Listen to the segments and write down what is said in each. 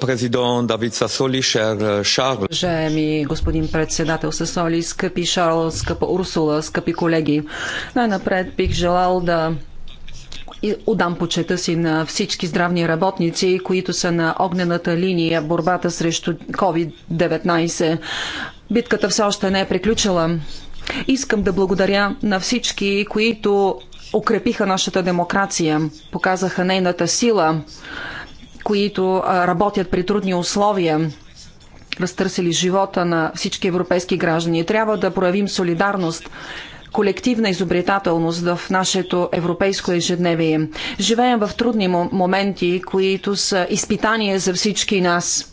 Президент Давид Сасоли, шер Шарл. Уважаеми господин председател Сасоли, скъпи Шарл, скъпа Урсула, скъпи колеги, най-напред бих желал да и отдам почета си на всички здравни работници, които са на огнената линия в борбата срещу COVID-19. Битката все още не е приключила. Искам да благодаря на всички, които укрепиха нашата демокрация, показаха нейната сила които работят при трудни условия разтърсили живота на всички европейски граждани. Трябва да проявим солидарност, колективна изобретателност в нашето европейско ежедневие. Живеем в трудни моменти, които са изпитание за всички нас.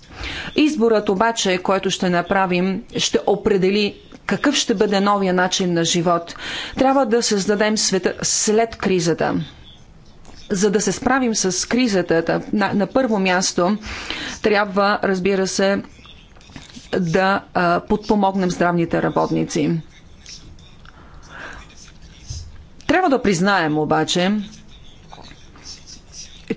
Изборът обаче, който ще направим, ще определи какъв ще бъде новия начин на живот. Трябва да създадем света след кризата за да се справим с кризата, на, на първо място трябва, разбира се, да а, подпомогнем здравните работници. Трябва да признаем обаче,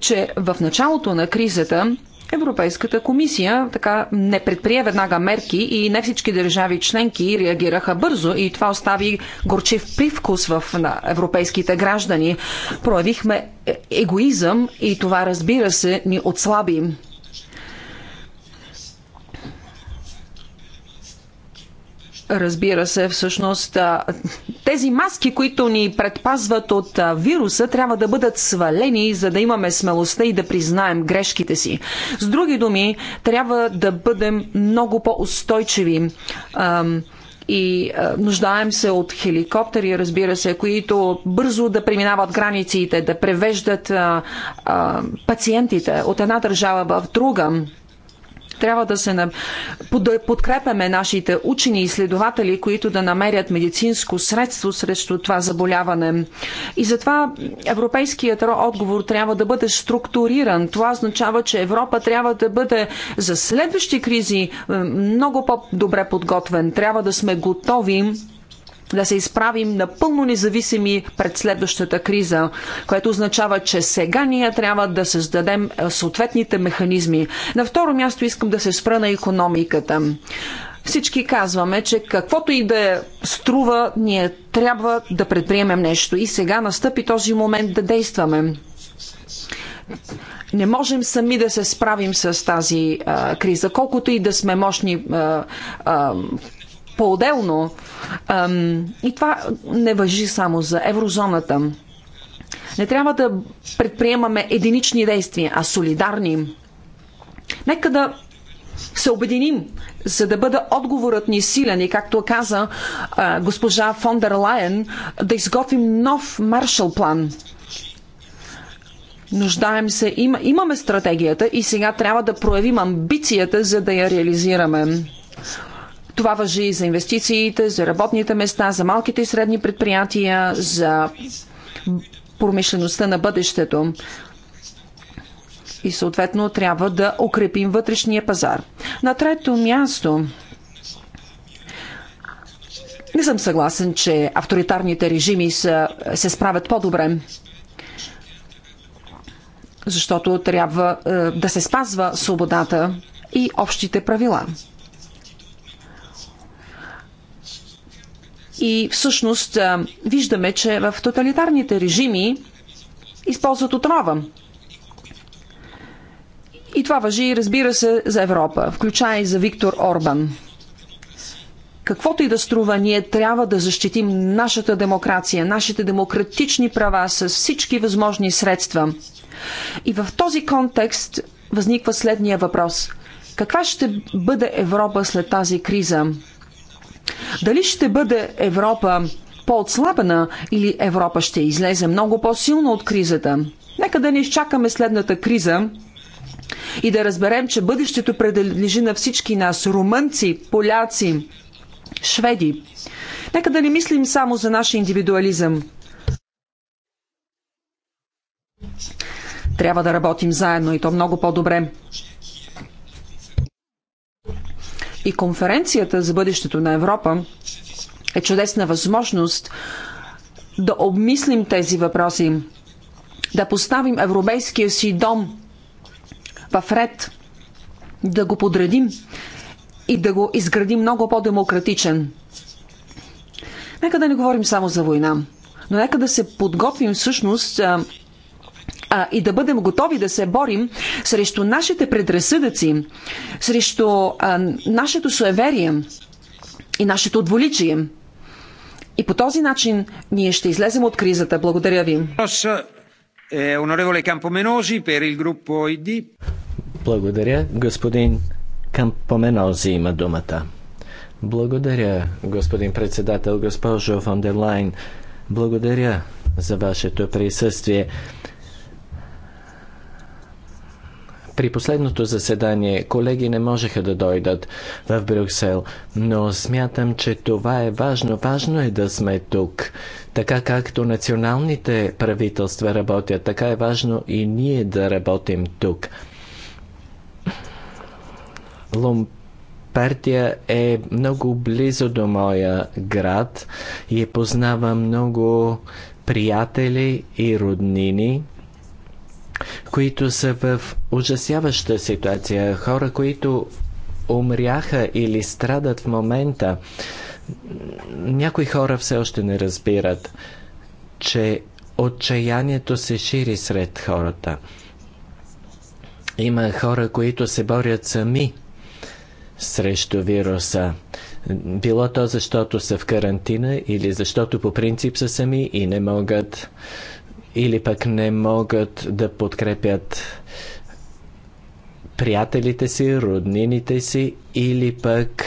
че в началото на кризата Европейската комисия така не предприе веднага мерки и не всички държави членки реагираха бързо и това остави горчив привкус в на европейските граждани. Проявихме е, егоизъм и това разбира се ни отслаби. Разбира се, всъщност тези маски, които ни предпазват от вируса, трябва да бъдат свалени, за да имаме смелостта и да признаем грешките си. С други думи, трябва да бъдем много по-устойчиви и нуждаем се от хеликоптери, разбира се, които бързо да преминават границите, да превеждат пациентите от една държава в друга. Трябва да се подкрепяме нашите учени и изследователи, които да намерят медицинско средство срещу това заболяване. И затова европейският отговор трябва да бъде структуриран. Това означава, че Европа трябва да бъде за следващи кризи много по-добре подготвен. Трябва да сме готови да се изправим напълно независими пред следващата криза, което означава, че сега ние трябва да създадем е, съответните механизми. На второ място искам да се спра на економиката. Всички казваме, че каквото и да е струва, ние трябва да предприемем нещо. И сега настъпи този момент да действаме не можем сами да се справим с тази а, криза. Колкото и да сме мощни а, а, по-отделно. И това не въжи само за еврозоната. Не трябва да предприемаме единични действия, а солидарни. Нека да се обединим, за да бъде отговорът ни силен и, както каза а, госпожа фон дер Лайен, да изготвим нов маршал план. Нуждаем се, им, имаме стратегията и сега трябва да проявим амбицията, за да я реализираме. Това въжи и за инвестициите, за работните места, за малките и средни предприятия, за промишлеността на бъдещето. И съответно трябва да укрепим вътрешния пазар. На трето място не съм съгласен, че авторитарните режими са, се справят по-добре защото трябва е, да се спазва свободата и общите правила. И всъщност виждаме, че в тоталитарните режими използват отрова. И това въжи, разбира се, за Европа, включая и за Виктор Орбан. Каквото и да струва, ние трябва да защитим нашата демокрация, нашите демократични права с всички възможни средства. И в този контекст възниква следния въпрос. Каква ще бъде Европа след тази криза? Дали ще бъде Европа по-отслабена или Европа ще излезе много по-силно от кризата? Нека да не изчакаме следната криза, и да разберем, че бъдещето принадлежи на всички нас румънци, поляци, шведи. Нека да не мислим само за нашия индивидуализъм. Трябва да работим заедно и то много по-добре. И конференцията за бъдещето на Европа е чудесна възможност да обмислим тези въпроси, да поставим европейския си дом в ред, да го подредим и да го изградим много по-демократичен. Нека да не говорим само за война, но нека да се подготвим всъщност а, и да бъдем готови да се борим срещу нашите предразсъдъци, срещу а, нашето суеверие и нашето дволичие. И по този начин ние ще излезем от кризата. Благодаря ви. Е, Благодаря. Господин Кампоменози има думата. Благодаря, господин председател, госпожо Фондерлайн. Благодаря за вашето присъствие. При последното заседание колеги не можеха да дойдат в Брюксел, но смятам, че това е важно. Важно е да сме тук. Така както националните правителства работят, така е важно и ние да работим тук. Ломпартия е много близо до моя град и познавам много приятели и роднини – които са в ужасяваща ситуация. Хора, които умряха или страдат в момента. Някои хора все още не разбират, че отчаянието се шири сред хората. Има хора, които се борят сами срещу вируса. Било то защото са в карантина или защото по принцип са сами и не могат или пък не могат да подкрепят приятелите си, роднините си или пък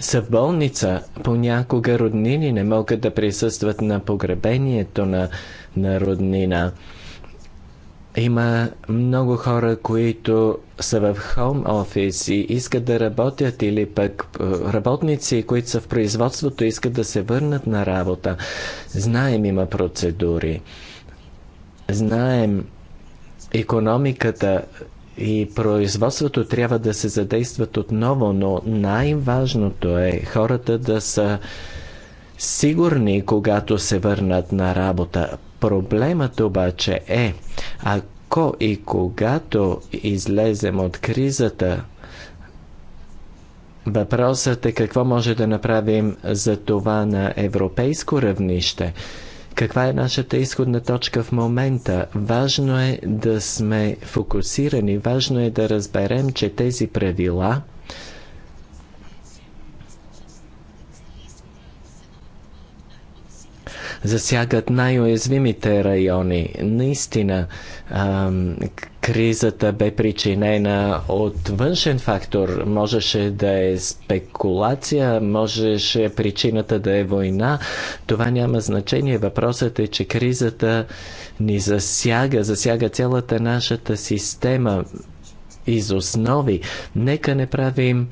са в болница. Понякога роднини не могат да присъстват на погребението на, на роднина. Има много хора, които са в хоум офис и искат да работят или пък е, работници, които са в производството, искат да се върнат на работа. Знаем, има процедури знаем, економиката и производството трябва да се задействат отново, но най-важното е хората да са сигурни, когато се върнат на работа. Проблемът обаче е, ако и когато излезем от кризата, въпросът е какво може да направим за това на европейско равнище – каква е нашата изходна точка в момента? Важно е да сме фокусирани, важно е да разберем, че тези правила – засягат най-уязвимите райони. Наистина, ам, кризата бе причинена от външен фактор. Можеше да е спекулация, можеше причината да е война. Това няма значение. Въпросът е, че кризата ни засяга, засяга цялата нашата система из основи. Нека не правим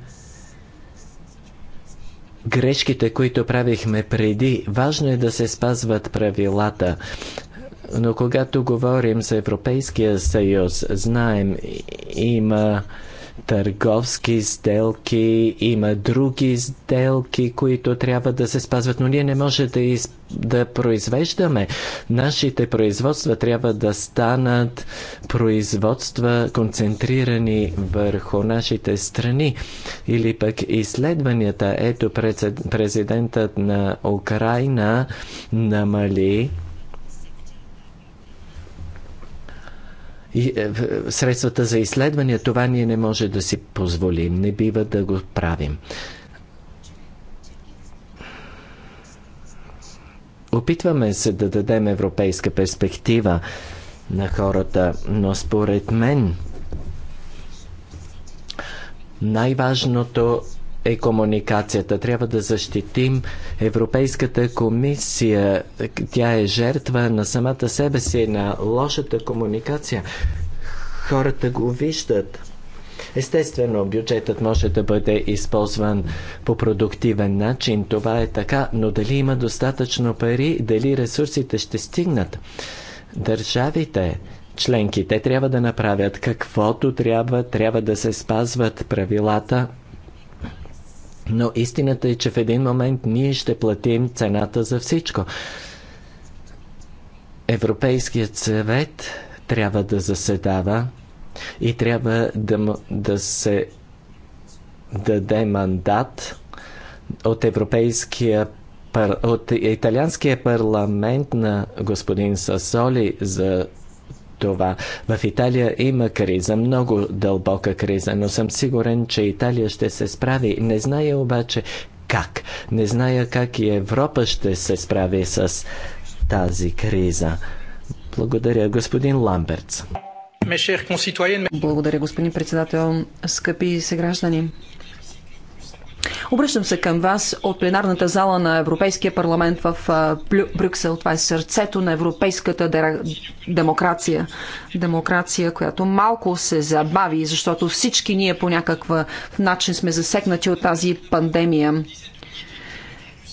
грешките, които правихме преди. Важно е да се спазват правилата. Но когато говорим за Европейския съюз, знаем, има търговски сделки, има други сделки, които трябва да се спазват, но ние не може да, из, да произвеждаме. Нашите производства трябва да станат производства концентрирани върху нашите страни. Или пък изследванията, ето президентът на Украина намали Е, е, средствата за изследвания, това ние не може да си позволим, не бива да го правим. Опитваме се да дадем европейска перспектива на хората, но според мен най-важното е комуникацията. Трябва да защитим Европейската комисия. Тя е жертва на самата себе си, на лошата комуникация. Хората го виждат. Естествено, бюджетът може да бъде използван по продуктивен начин, това е така, но дали има достатъчно пари, дали ресурсите ще стигнат. Държавите, членки, те трябва да направят каквото трябва, трябва да се спазват правилата но истината е, че в един момент ние ще платим цената за всичко. Европейският съвет трябва да заседава и трябва да, да се даде мандат от Европейския от Италианския парламент на господин Сасоли за това. В Италия има криза, много дълбока криза, но съм сигурен, че Италия ще се справи. Не зная обаче как. Не зная как и Европа ще се справи с тази криза. Благодаря, господин Ламберц. Благодаря, господин председател. Скъпи съграждани, Обръщам се към вас от пленарната зала на Европейския парламент в Брюксел. Това е сърцето на европейската демокрация. Демокрация, която малко се забави, защото всички ние по някакъв начин сме засегнати от тази пандемия.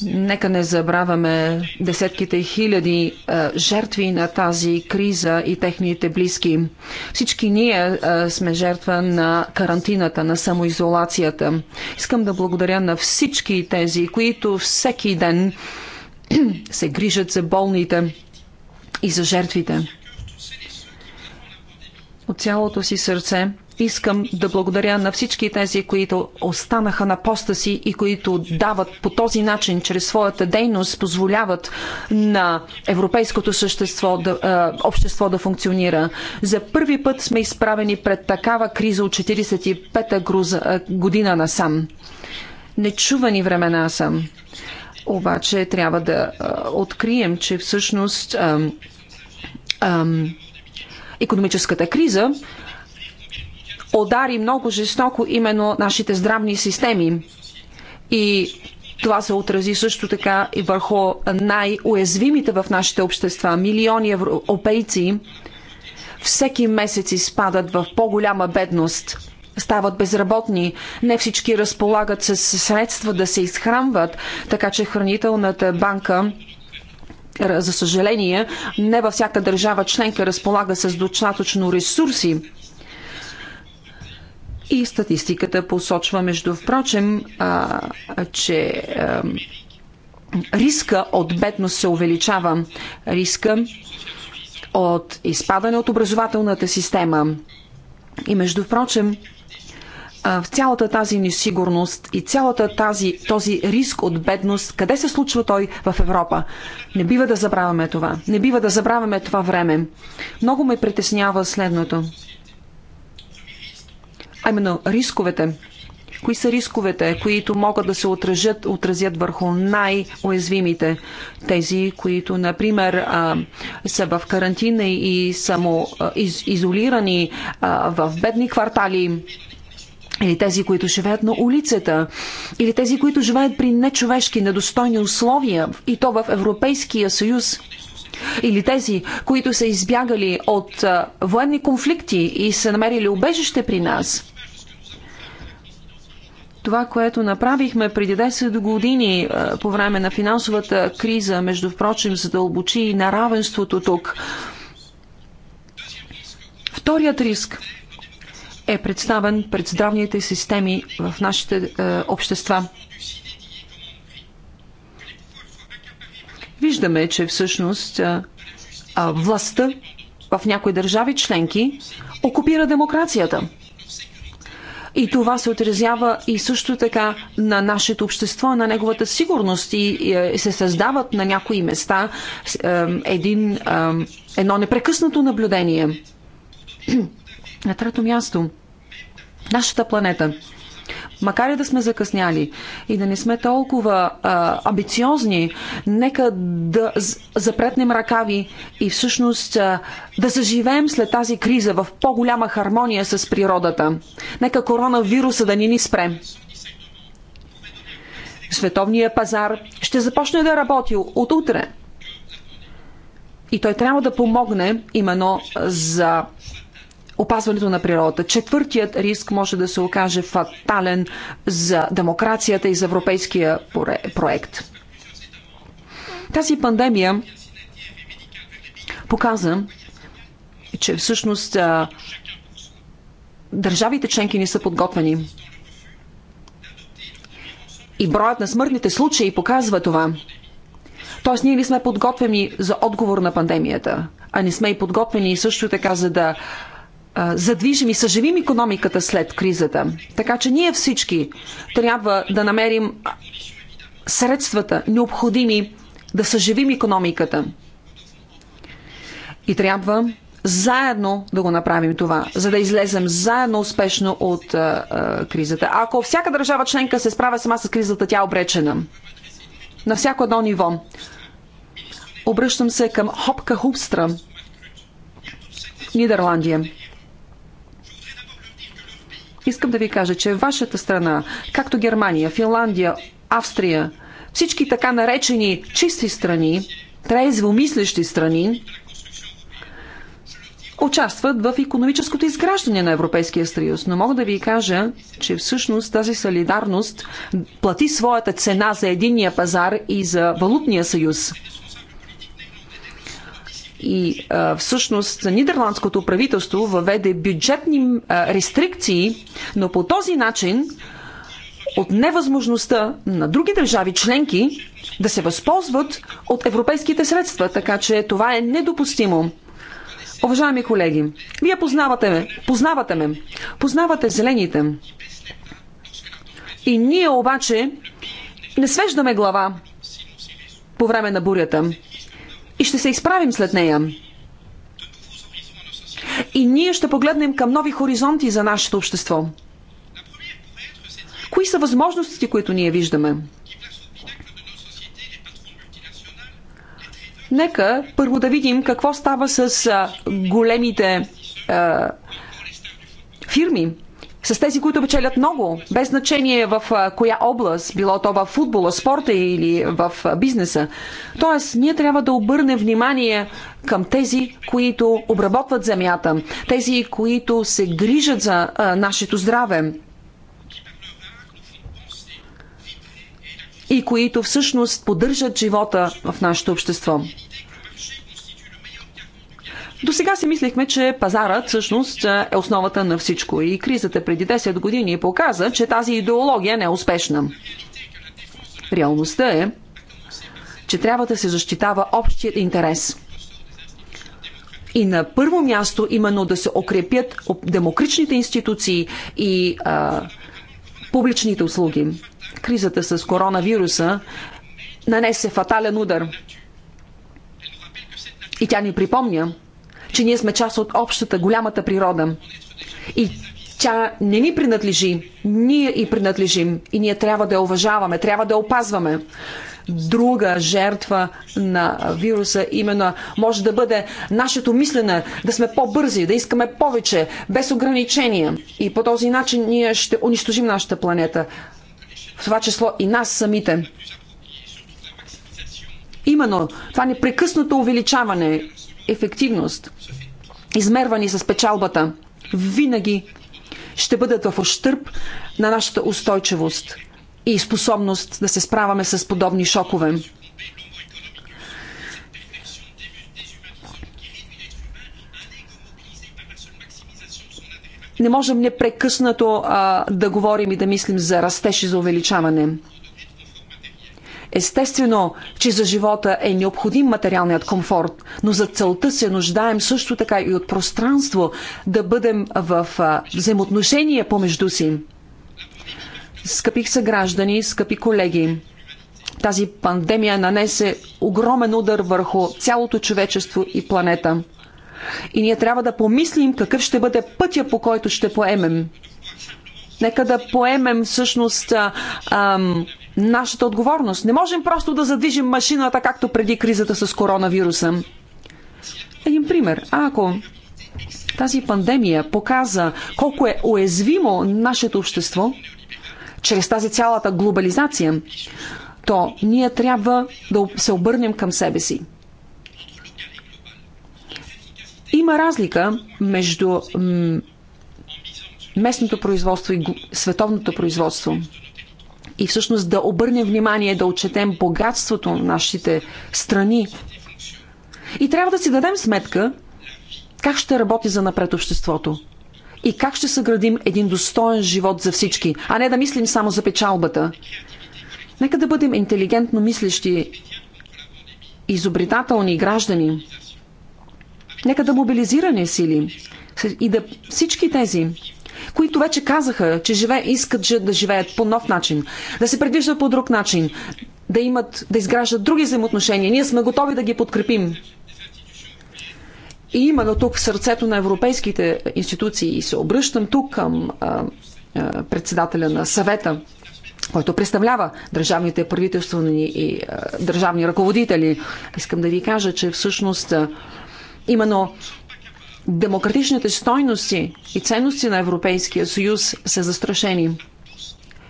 Нека не забравяме десетките хиляди а, е, жертви на тази криза и техните близки. Всички ние а, е, сме жертва на карантината, на самоизолацията. Искам да благодаря на всички тези, които всеки ден се грижат за болните и за жертвите. От цялото си сърце Искам да благодаря на всички тези, които останаха на поста си и които дават по този начин, чрез своята дейност, позволяват на европейското същество да, общество да функционира. За първи път сме изправени пред такава криза от 45-та година насам. Нечувани времена съм. Обаче трябва да открием, че всъщност ам, ам, економическата криза удари много жестоко именно нашите здравни системи. И това се отрази също така и върху най-уязвимите в нашите общества. Милиони европейци всеки месец изпадат в по-голяма бедност стават безработни, не всички разполагат с средства да се изхранват, така че хранителната банка за съжаление, не във всяка държава членка разполага с достатъчно ресурси и статистиката посочва, между впрочем, а, че а, риска от бедност се увеличава. Риска от изпадане от образователната система. И между впрочем, в цялата тази несигурност и цялата тази, този риск от бедност, къде се случва той в Европа? Не бива да забравяме това. Не бива да забравяме това време. Много ме притеснява следното а именно рисковете. Кои са рисковете, които могат да се отразят, отразят върху най-уязвимите? Тези, които, например, а, са в карантина и само из, изолирани а, в бедни квартали, или тези, които живеят на улицата, или тези, които живеят при нечовешки, недостойни условия, и то в Европейския съюз или тези, които са избягали от а, военни конфликти и са намерили убежище при нас. Това, което направихме преди 10 години е, по време на финансовата криза, между впрочем, задълбочи и наравенството тук. Вторият риск е представен пред здравните системи в нашите е, общества. Виждаме, че всъщност е, е, властта в някои държави членки окупира демокрацията. И това се отразява и също така на нашето общество, на неговата сигурност и е, се създават на някои места е, един, е, едно непрекъснато наблюдение. На трето място, нашата планета – макар и да сме закъсняли и да не сме толкова а, амбициозни, нека да запретнем ръкави и всъщност а, да заживеем след тази криза в по-голяма хармония с природата. Нека коронавируса да ни ни спре. Световният пазар ще започне да работи от утре. И той трябва да помогне именно за опазването на природата. Четвъртият риск може да се окаже фатален за демокрацията и за европейския проект. Тази пандемия показа, че всъщност държавите членки не са подготвени. И броят на смъртните случаи показва това. Тоест, ние не сме подготвени за отговор на пандемията, а не сме и подготвени също така за да задвижим и съживим економиката след кризата. Така че ние всички трябва да намерим средствата необходими да съживим економиката. И трябва заедно да го направим това, за да излезем заедно успешно от а, а, кризата. ако всяка държава членка се справя сама с кризата, тя е обречена. На всяко едно ниво. Обръщам се към Хопка Хубстра, Нидерландия искам да ви кажа, че вашата страна, както Германия, Финландия, Австрия, всички така наречени чисти страни, трезво мислещи страни, участват в економическото изграждане на Европейския съюз. Но мога да ви кажа, че всъщност тази солидарност плати своята цена за единния пазар и за валутния съюз. И а, всъщност нидерландското правителство въведе бюджетни а, рестрикции, но по този начин от невъзможността на други държави членки да се възползват от европейските средства. Така че това е недопустимо. Уважаеми колеги, вие познавате ме, познавате ме, познавате зелените. И ние обаче не свеждаме глава по време на бурята и ще се изправим след нея. И ние ще погледнем към нови хоризонти за нашето общество. Кои са възможностите, които ние виждаме? Нека първо да видим какво става с големите а, фирми, с тези, които печелят много, без значение в коя област, било то в футбола, спорта или в бизнеса. Тоест, ние трябва да обърнем внимание към тези, които обработват земята, тези, които се грижат за а, нашето здраве. и които всъщност поддържат живота в нашето общество. До сега си мислихме, че пазарът всъщност е, е основата на всичко и кризата преди 10 години показа, че тази идеология не е успешна. Реалността е, че трябва да се защитава общият интерес. И на първо място именно да се укрепят демократичните институции и а, публичните услуги. Кризата с коронавируса нанесе фатален удар. И тя ни припомня, че ние сме част от общата, голямата природа. И тя не ни принадлежи, ние и принадлежим и ние трябва да я уважаваме, трябва да я опазваме. Друга жертва на вируса именно може да бъде нашето мислене, да сме по-бързи, да искаме повече, без ограничения. И по този начин ние ще унищожим нашата планета. В това число и нас самите. Именно това непрекъснато увеличаване ефективност, измервани с печалбата, винаги ще бъдат в ощърп на нашата устойчивост и способност да се справяме с подобни шокове. Не можем непрекъснато а, да говорим и да мислим за растеж и за увеличаване. Естествено, че за живота е необходим материалният комфорт, но за целта се нуждаем също така и от пространство да бъдем в взаимоотношения помежду си. Скъпи съграждани, скъпи колеги, тази пандемия нанесе огромен удар върху цялото човечество и планета. И ние трябва да помислим какъв ще бъде пътя, по който ще поемем. Нека да поемем всъщност ам, нашата отговорност. Не можем просто да задвижим машината, както преди кризата с коронавируса. Един пример. А ако тази пандемия показа колко е уязвимо нашето общество, чрез тази цялата глобализация, то ние трябва да се обърнем към себе си. Има разлика между местното производство и световното производство и всъщност да обърнем внимание, да отчетем богатството на нашите страни. И трябва да си дадем сметка как ще работи за напред обществото и как ще съградим един достоен живот за всички, а не да мислим само за печалбата. Нека да бъдем интелигентно мислещи, изобретателни граждани. Нека да мобилизираме сили и да всички тези които вече казаха, че живе, искат же да живеят по нов начин, да се предвиждат по друг начин, да имат, да изграждат други взаимоотношения. Ние сме готови да ги подкрепим. И именно тук в сърцето на европейските институции и се обръщам тук към а, а, председателя на съвета, който представлява държавните правителствени и а, държавни ръководители. Искам да ви кажа, че всъщност а, именно демократичните стойности и ценности на Европейския съюз са застрашени.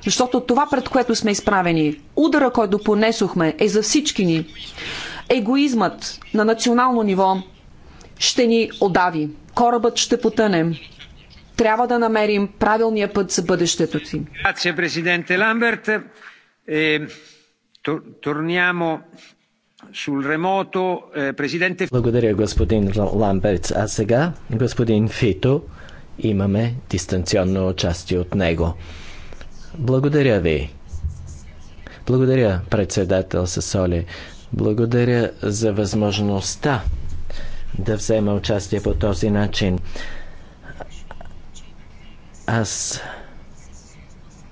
Защото това, пред което сме изправени, удара, който понесохме, е за всички ни. Егоизмът на национално ниво ще ни отдави. Корабът ще потъне. Трябва да намерим правилния път за бъдещето си. Благодаря, президенте Ламберт. Е, турнямо... Eh, Благодаря, господин Ламберц. А сега господин Фито имаме дистанционно участие от него. Благодаря ви. Благодаря, председател Сасоли. Благодаря за възможността да взема участие по този начин. Аз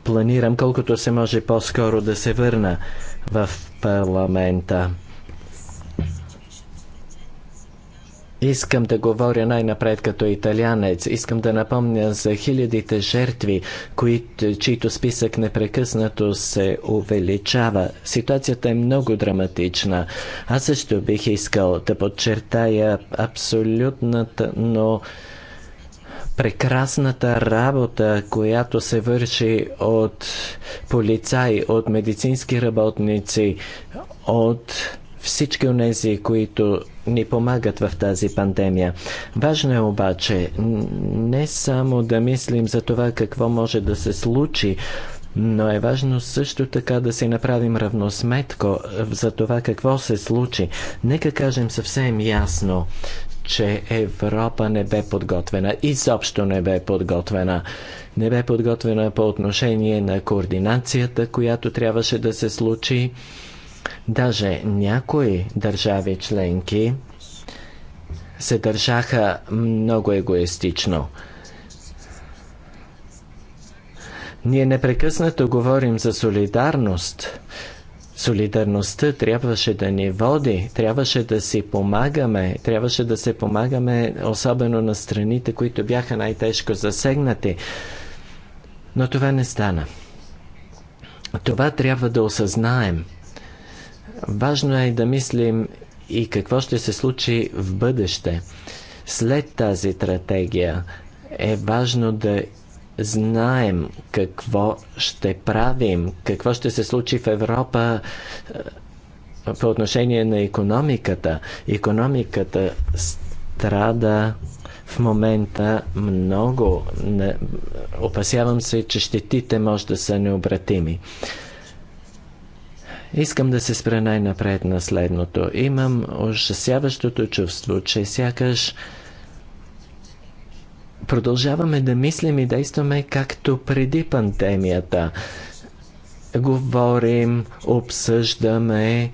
планирам колкото се може по-скоро да се върна в парламента. Искам да говоря най-напред като италянец. Искам да напомня за хилядите жертви, които, чието списък непрекъснато се увеличава. Ситуацията е много драматична. Аз също бих искал да подчертая абсолютната, но прекрасната работа, която се върши от полицаи, от медицински работници, от всички от тези, които ни помагат в тази пандемия. Важно е обаче не само да мислим за това какво може да се случи, но е важно също така да си направим равносметко за това какво се случи. Нека кажем съвсем ясно, че Европа не бе подготвена. Изобщо не бе подготвена. Не бе подготвена по отношение на координацията, която трябваше да се случи Даже някои държави членки се държаха много егоистично. Ние непрекъснато говорим за солидарност. Солидарността трябваше да ни води, трябваше да си помагаме, трябваше да се помагаме особено на страните, които бяха най-тежко засегнати. Но това не стана. Това трябва да осъзнаем – Важно е да мислим и какво ще се случи в бъдеще. След тази стратегия е важно да знаем какво ще правим, какво ще се случи в Европа е, по отношение на економиката. Економиката страда в момента много. Опасявам се, че щетите може да са необратими. Искам да се спра най-напред на следното. Имам ужасяващото чувство, че сякаш продължаваме да мислим и действаме както преди пандемията. Говорим, обсъждаме,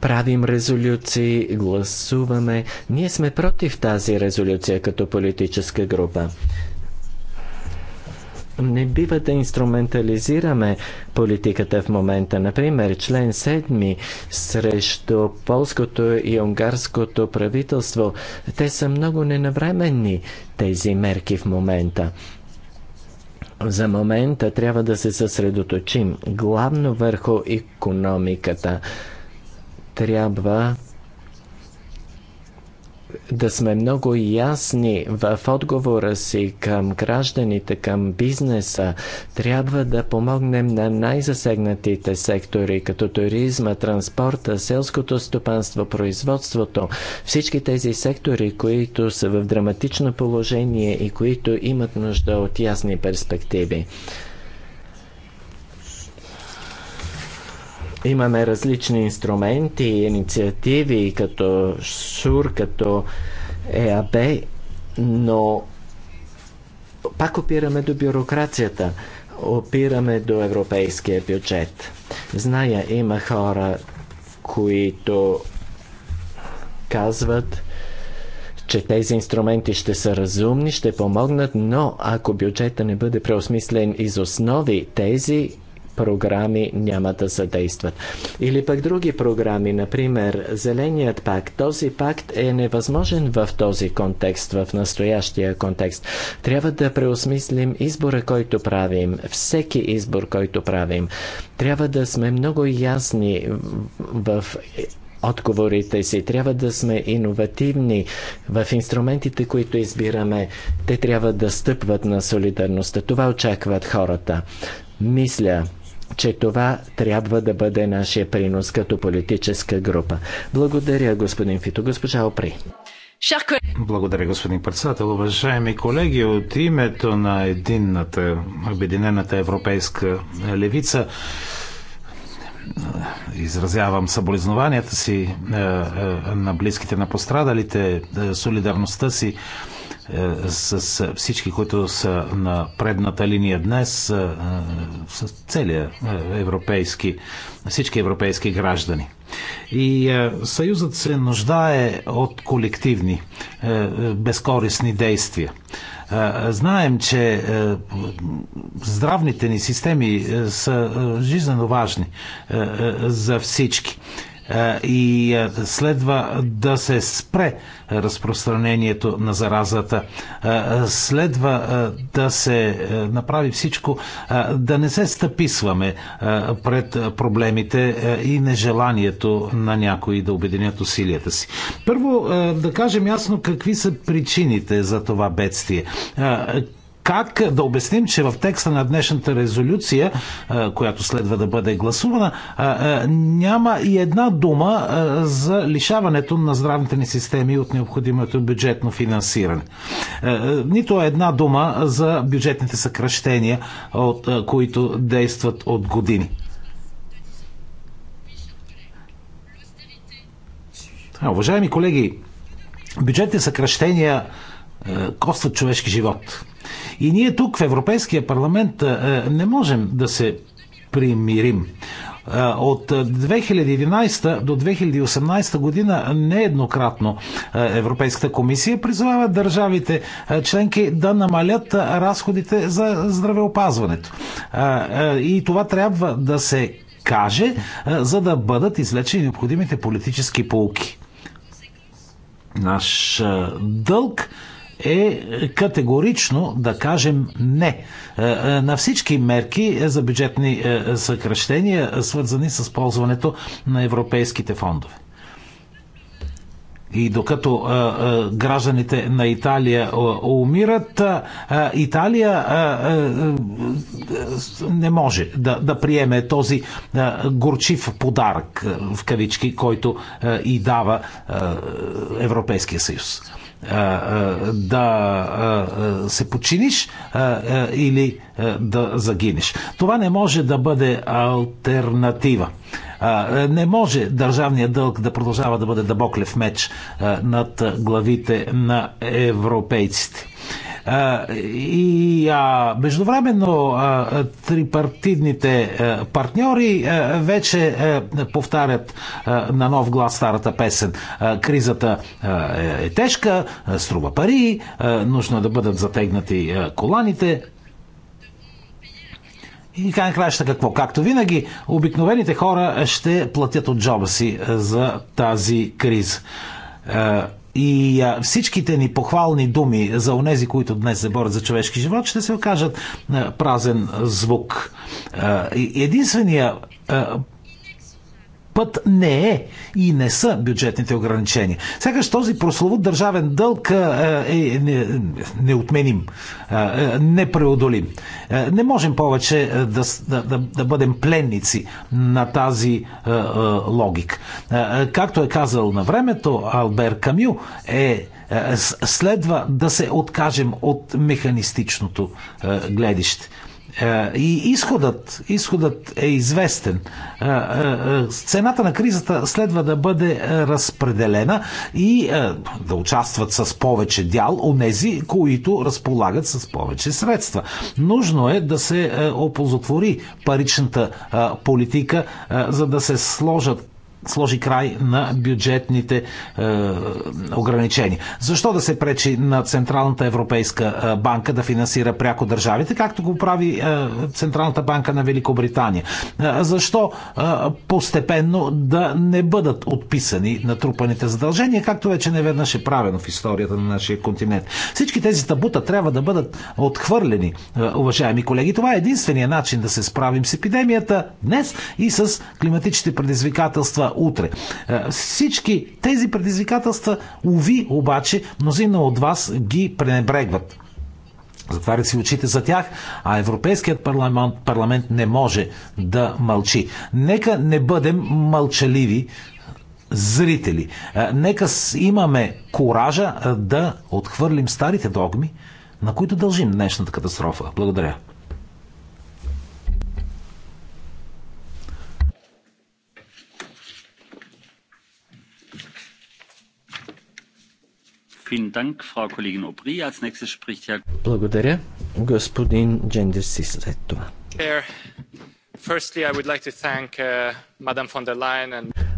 правим резолюции, гласуваме. Ние сме против тази резолюция като политическа група не бива да инструментализираме политиката в момента. Например, член 7 срещу полското и унгарското правителство. Те са много ненавременни, тези мерки в момента. За момента трябва да се съсредоточим главно върху економиката. Трябва да сме много ясни в отговора си към гражданите, към бизнеса. Трябва да помогнем на най-засегнатите сектори, като туризма, транспорта, селското стопанство, производството. Всички тези сектори, които са в драматично положение и които имат нужда от ясни перспективи. Имаме различни инструменти, инициативи, като СУР, като ЕАБ, но пак опираме до бюрокрацията, опираме до европейския бюджет. Зная, има хора, които казват, че тези инструменти ще са разумни, ще помогнат, но ако бюджета не бъде преосмислен из основи, тези програми няма да задействат. Или пък други програми, например Зеленият пакт. Този пакт е невъзможен в този контекст, в настоящия контекст. Трябва да преосмислим избора, който правим, всеки избор, който правим. Трябва да сме много ясни в отговорите си. Трябва да сме иновативни в инструментите, които избираме. Те трябва да стъпват на солидарността. Това очакват хората. Мисля, че това трябва да бъде нашия принос като политическа група. Благодаря, господин Фито. Госпожа Опри. Благодаря, господин председател. Уважаеми колеги, от името на единната, обединената европейска левица, изразявам съболезнованията си е, е, на близките на пострадалите, е, солидарността си е, с всички, които са на предната линия днес, е, е, с целия европейски, всички европейски граждани. И Съюзът се нуждае от колективни, безкорисни действия. Знаем, че здравните ни системи са жизненно важни за всички и следва да се спре разпространението на заразата. Следва да се направи всичко, да не се стъписваме пред проблемите и нежеланието на някои да обединят усилията си. Първо да кажем ясно какви са причините за това бедствие как да обясним, че в текста на днешната резолюция, която следва да бъде гласувана, няма и една дума за лишаването на здравните ни системи от необходимото бюджетно финансиране. Нито една дума за бюджетните съкръщения, от които действат от години. Уважаеми колеги, бюджетни съкръщения костват човешки живот и ние тук в Европейския парламент не можем да се примирим. От 2011 до 2018 година нееднократно Европейската комисия призвава държавите членки да намалят разходите за здравеопазването. И това трябва да се каже, за да бъдат излечени необходимите политически полки. Наш дълг е категорично да кажем не е, е, на всички мерки за бюджетни е, съкръщения, свързани с ползването на европейските фондове. И докато а, а, гражданите на Италия а, умират, а, Италия а, а, не може да, да приеме този а, горчив подарък, в кавички, който а, и дава а, Европейския съюз да се починиш или да загинеш. Това не може да бъде альтернатива. Е, не може държавният дълг да продължава да бъде дъбоклев меч е, над главите на европейците. И междувременно трипартидните е, партньори вече повтарят на нов глас старата песен. кризата е тежка, струва пари, нужно да бъдат затегнати коланите, и така накрая ще какво? Както винаги, обикновените хора ще платят от джоба си е, за тази криза. Е, и е, всичките ни похвални думи за онези, които днес се борят за човешки живот, ще се окажат празен звук. Единствения път не е и не са бюджетните ограничения. Сякаш този прословут държавен дълг е, е неотменим, непреодолим. Не можем повече да, да, да бъдем пленници на тази логик. Както е казал на времето Албер Камю, е следва да се откажем от механистичното гледище. Е, и изходът, изходът е известен. Е, е, цената на кризата следва да бъде разпределена и да участват с повече дял у нези, които разполагат с повече средства. Нужно е да се опозотвори паричната политика, за да се сложат сложи край на бюджетните е, ограничения. Защо да се пречи на Централната Европейска е, банка да финансира пряко държавите, както го прави е, Централната банка на Великобритания? Е, защо е, постепенно да не бъдат отписани натрупаните задължения, както вече не веднъж е правено в историята на нашия континент? Всички тези табута трябва да бъдат отхвърлени, е, уважаеми колеги. Това е единствения начин да се справим с епидемията днес и с климатичните предизвикателства утре. Е, всички тези предизвикателства, уви обаче, мнозина от вас ги пренебрегват. Затварят си очите за тях, а Европейският парламент, парламент не може да мълчи. Нека не бъдем мълчаливи зрители. Е, нека имаме коража е, да отхвърлим старите догми, на които дължим днешната катастрофа. Благодаря. Благодаря. Господин Джендерси след това. Uh,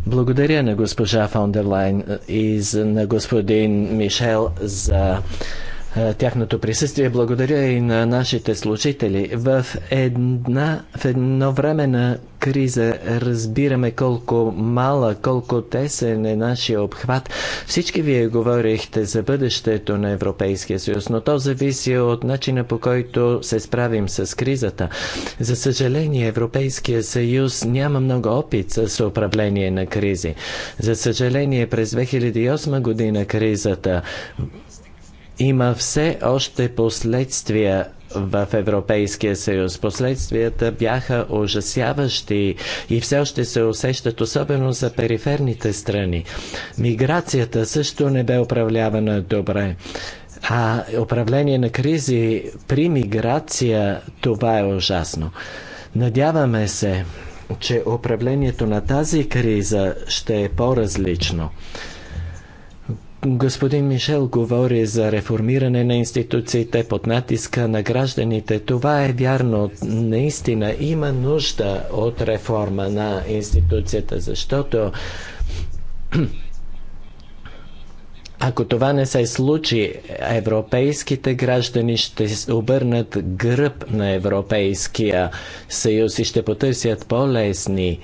Благодаря на госпожа фон дер Лайн и на господин Мишел за е, тяхното присъствие. Благодаря и на нашите служители. В, една, в едно време на криза разбираме колко мала, колко тесен е нашия обхват. Всички вие говорихте за бъдещето на Европейския съюз, но то зависи от начина по който се справим с кризата. За съжаление, Европейския съюз няма много опит с управление на кризи. За съжаление, през 2008 година кризата има все още последствия в Европейския съюз. Последствията бяха ужасяващи и все още се усещат, особено за периферните страни. Миграцията също не бе управлявана добре. А управление на кризи при миграция, това е ужасно. Надяваме се, че управлението на тази криза ще е по-различно. Господин Мишел говори за реформиране на институциите под натиска на гражданите. Това е вярно. Наистина има нужда от реформа на институцията, защото ако това не се случи, европейските граждани ще обърнат гръб на Европейския съюз и ще потърсят по-лесни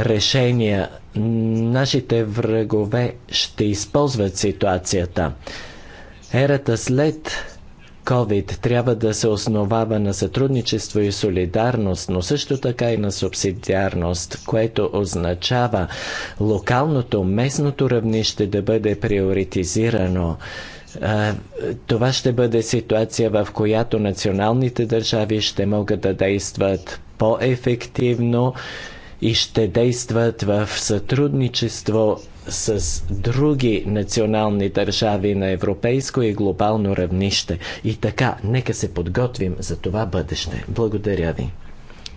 решения нашите врагове ще използват ситуацията. Ерата след COVID трябва да се основава на сътрудничество и солидарност, но също така и на субсидиарност, което означава локалното, местното равнище да бъде приоритизирано. Това ще бъде ситуация, в която националните държави ще могат да действат по-ефективно и ще действат в сътрудничество с други национални държави на европейско и глобално равнище. И така, нека се подготвим за това бъдеще. Благодаря ви.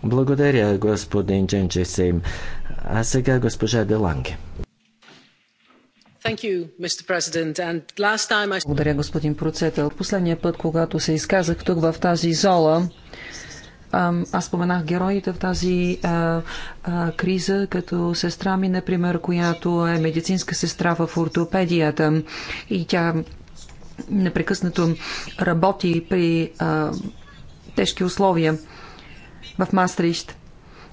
Благодаря, господин Сейм. А сега госпожа Деланге. Благодаря, господин процетел. Последния път, когато се изказах тук в тази зола, аз споменах героите в тази а, а, криза, като сестра ми, например, която е медицинска сестра в ортопедията и тя непрекъснато работи при а, тежки условия в Мастрищ.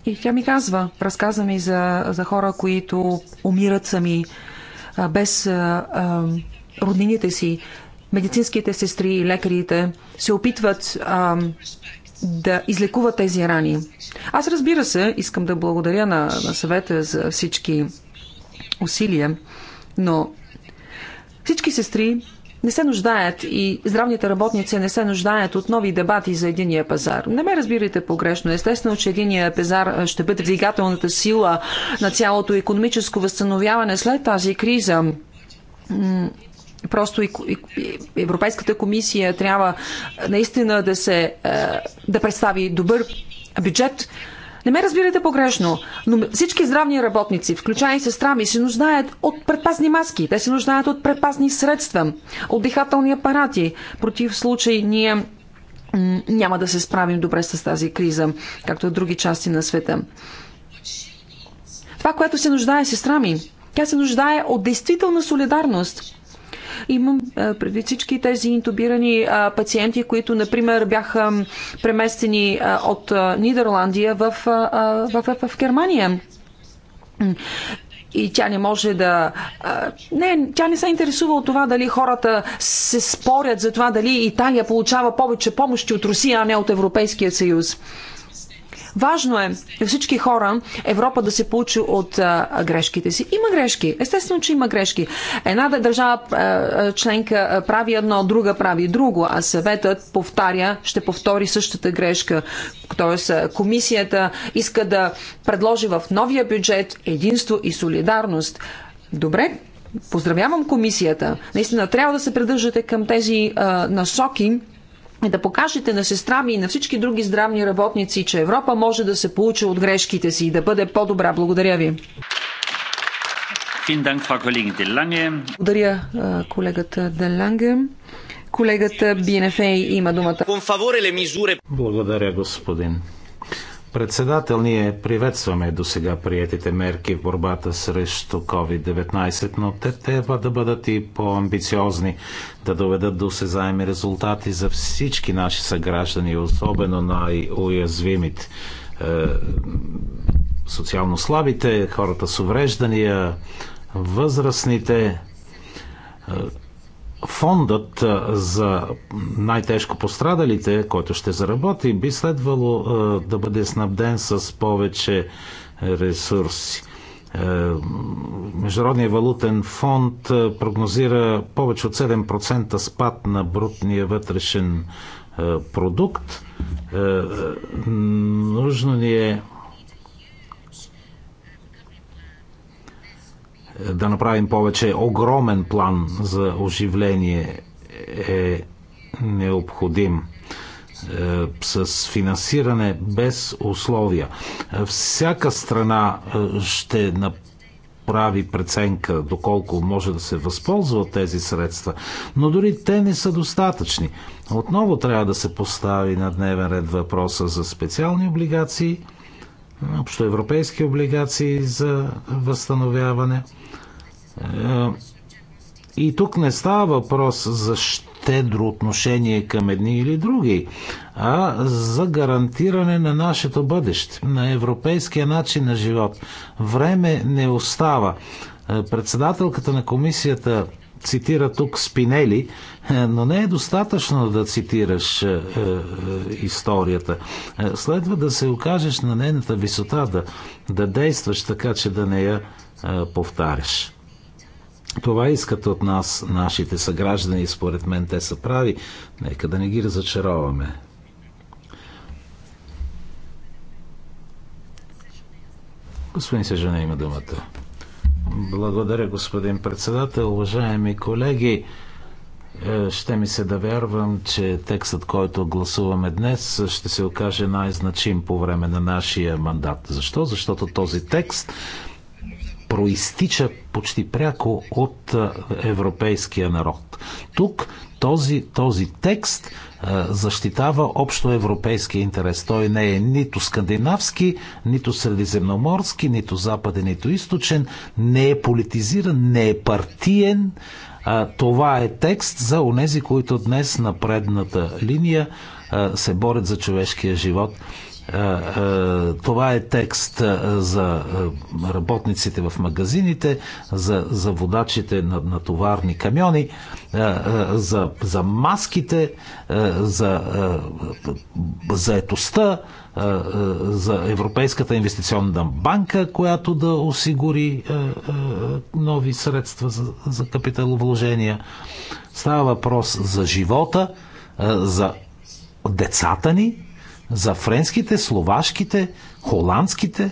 И тя ми казва, разказа ми за, за хора, които умират сами, а, без а, а, роднините си. Медицинските сестри и лекарите се опитват а, да излекува тези рани. Аз разбира се, искам да благодаря на, на съвета за всички усилия, но всички сестри не се нуждаят и здравните работници не се нуждаят от нови дебати за единия пазар. Не ме разбирайте погрешно. Естествено, че единия пазар ще бъде двигателната сила на цялото економическо възстановяване след тази криза Просто и, и, Европейската комисия трябва наистина да се е, да представи добър бюджет. Не ме разбирате погрешно, но всички здравни работници, включая и сестра ми, се нуждаят от предпазни маски, те се нуждаят от предпазни средства, от дихателни апарати. Против случай ние няма да се справим добре с тази криза, както в други части на света. Това, което се нуждае сестра ми, тя се нуждае от действителна солидарност. Имам преди всички тези интубирани пациенти, които, например, бяха преместени от Нидерландия в, в, в, в Германия и тя не може да. не, тя не се интересува от това дали хората се спорят за това дали Италия получава повече помощи от Русия, а не от Европейския съюз. Важно е за всички хора Европа да се получи от а, грешките си. Има грешки. Естествено, че има грешки. Една държава а, членка прави едно, друга прави друго, а съветът повтаря, ще повтори същата грешка. Тоест, комисията иска да предложи в новия бюджет единство и солидарност. Добре, поздравявам комисията. Наистина трябва да се придържате към тези а, насоки е да покажете на сестра ми и на всички други здравни работници, че Европа може да се получи от грешките си и да бъде по-добра. Благодаря ви. Благодаря, колегата Деланге. Колегата Бинефей има думата. Благодаря, господин председател, ние приветстваме до сега приятите мерки в борбата срещу COVID-19, но те трябва да бъдат и по-амбициозни, да доведат до осезаеми резултати за всички наши съграждани, особено най-уязвимите, е, социално слабите, хората с увреждания, възрастните, е, фондът за най-тежко пострадалите, който ще заработи, би следвало да бъде снабден с повече е, ресурси. Е, Международният валутен фонд прогнозира повече от 7% спад на брутния вътрешен продукт. Е, нужно ни е да направим повече. Огромен план за оживление е необходим е, с финансиране без условия. Всяка страна е, ще направи преценка доколко може да се възползва от тези средства, но дори те не са достатъчни. Отново трябва да се постави на дневен ред въпроса за специални облигации – общоевропейски облигации за възстановяване. Е, и тук не става въпрос за щедро отношение към едни или други, а за гарантиране на нашето бъдеще, на европейския начин на живот. Време не остава. Е, председателката на комисията цитира тук Спинели, е, но не е достатъчно да цитираш е, е, историята. Е, следва да се окажеш на нейната висота, да, да действаш така, че да не я е, повтаряш. Това искат от нас нашите съграждани и според мен те са прави. Нека да не ги разочароваме. Господин Сежане има думата. Благодаря, господин председател. Уважаеми колеги, е, ще ми се да вярвам, че текстът, който гласуваме днес, ще се окаже най-значим по време на нашия мандат. Защо? Защото този текст проистича почти пряко от е, европейския народ. Тук този, този текст защитава общо европейския интерес. Той не е нито скандинавски, нито средиземноморски, нито западен, нито източен, не е политизиран, не е партиен. Това е текст за онези, които днес на предната линия се борят за човешкия живот това е текст за работниците в магазините, за, за водачите на, на товарни камиони, за, за маските, за заетостта, за Европейската инвестиционна банка, която да осигури нови средства за, за капиталовложения. Става въпрос за живота, за децата ни, за френските, словашките, холандските,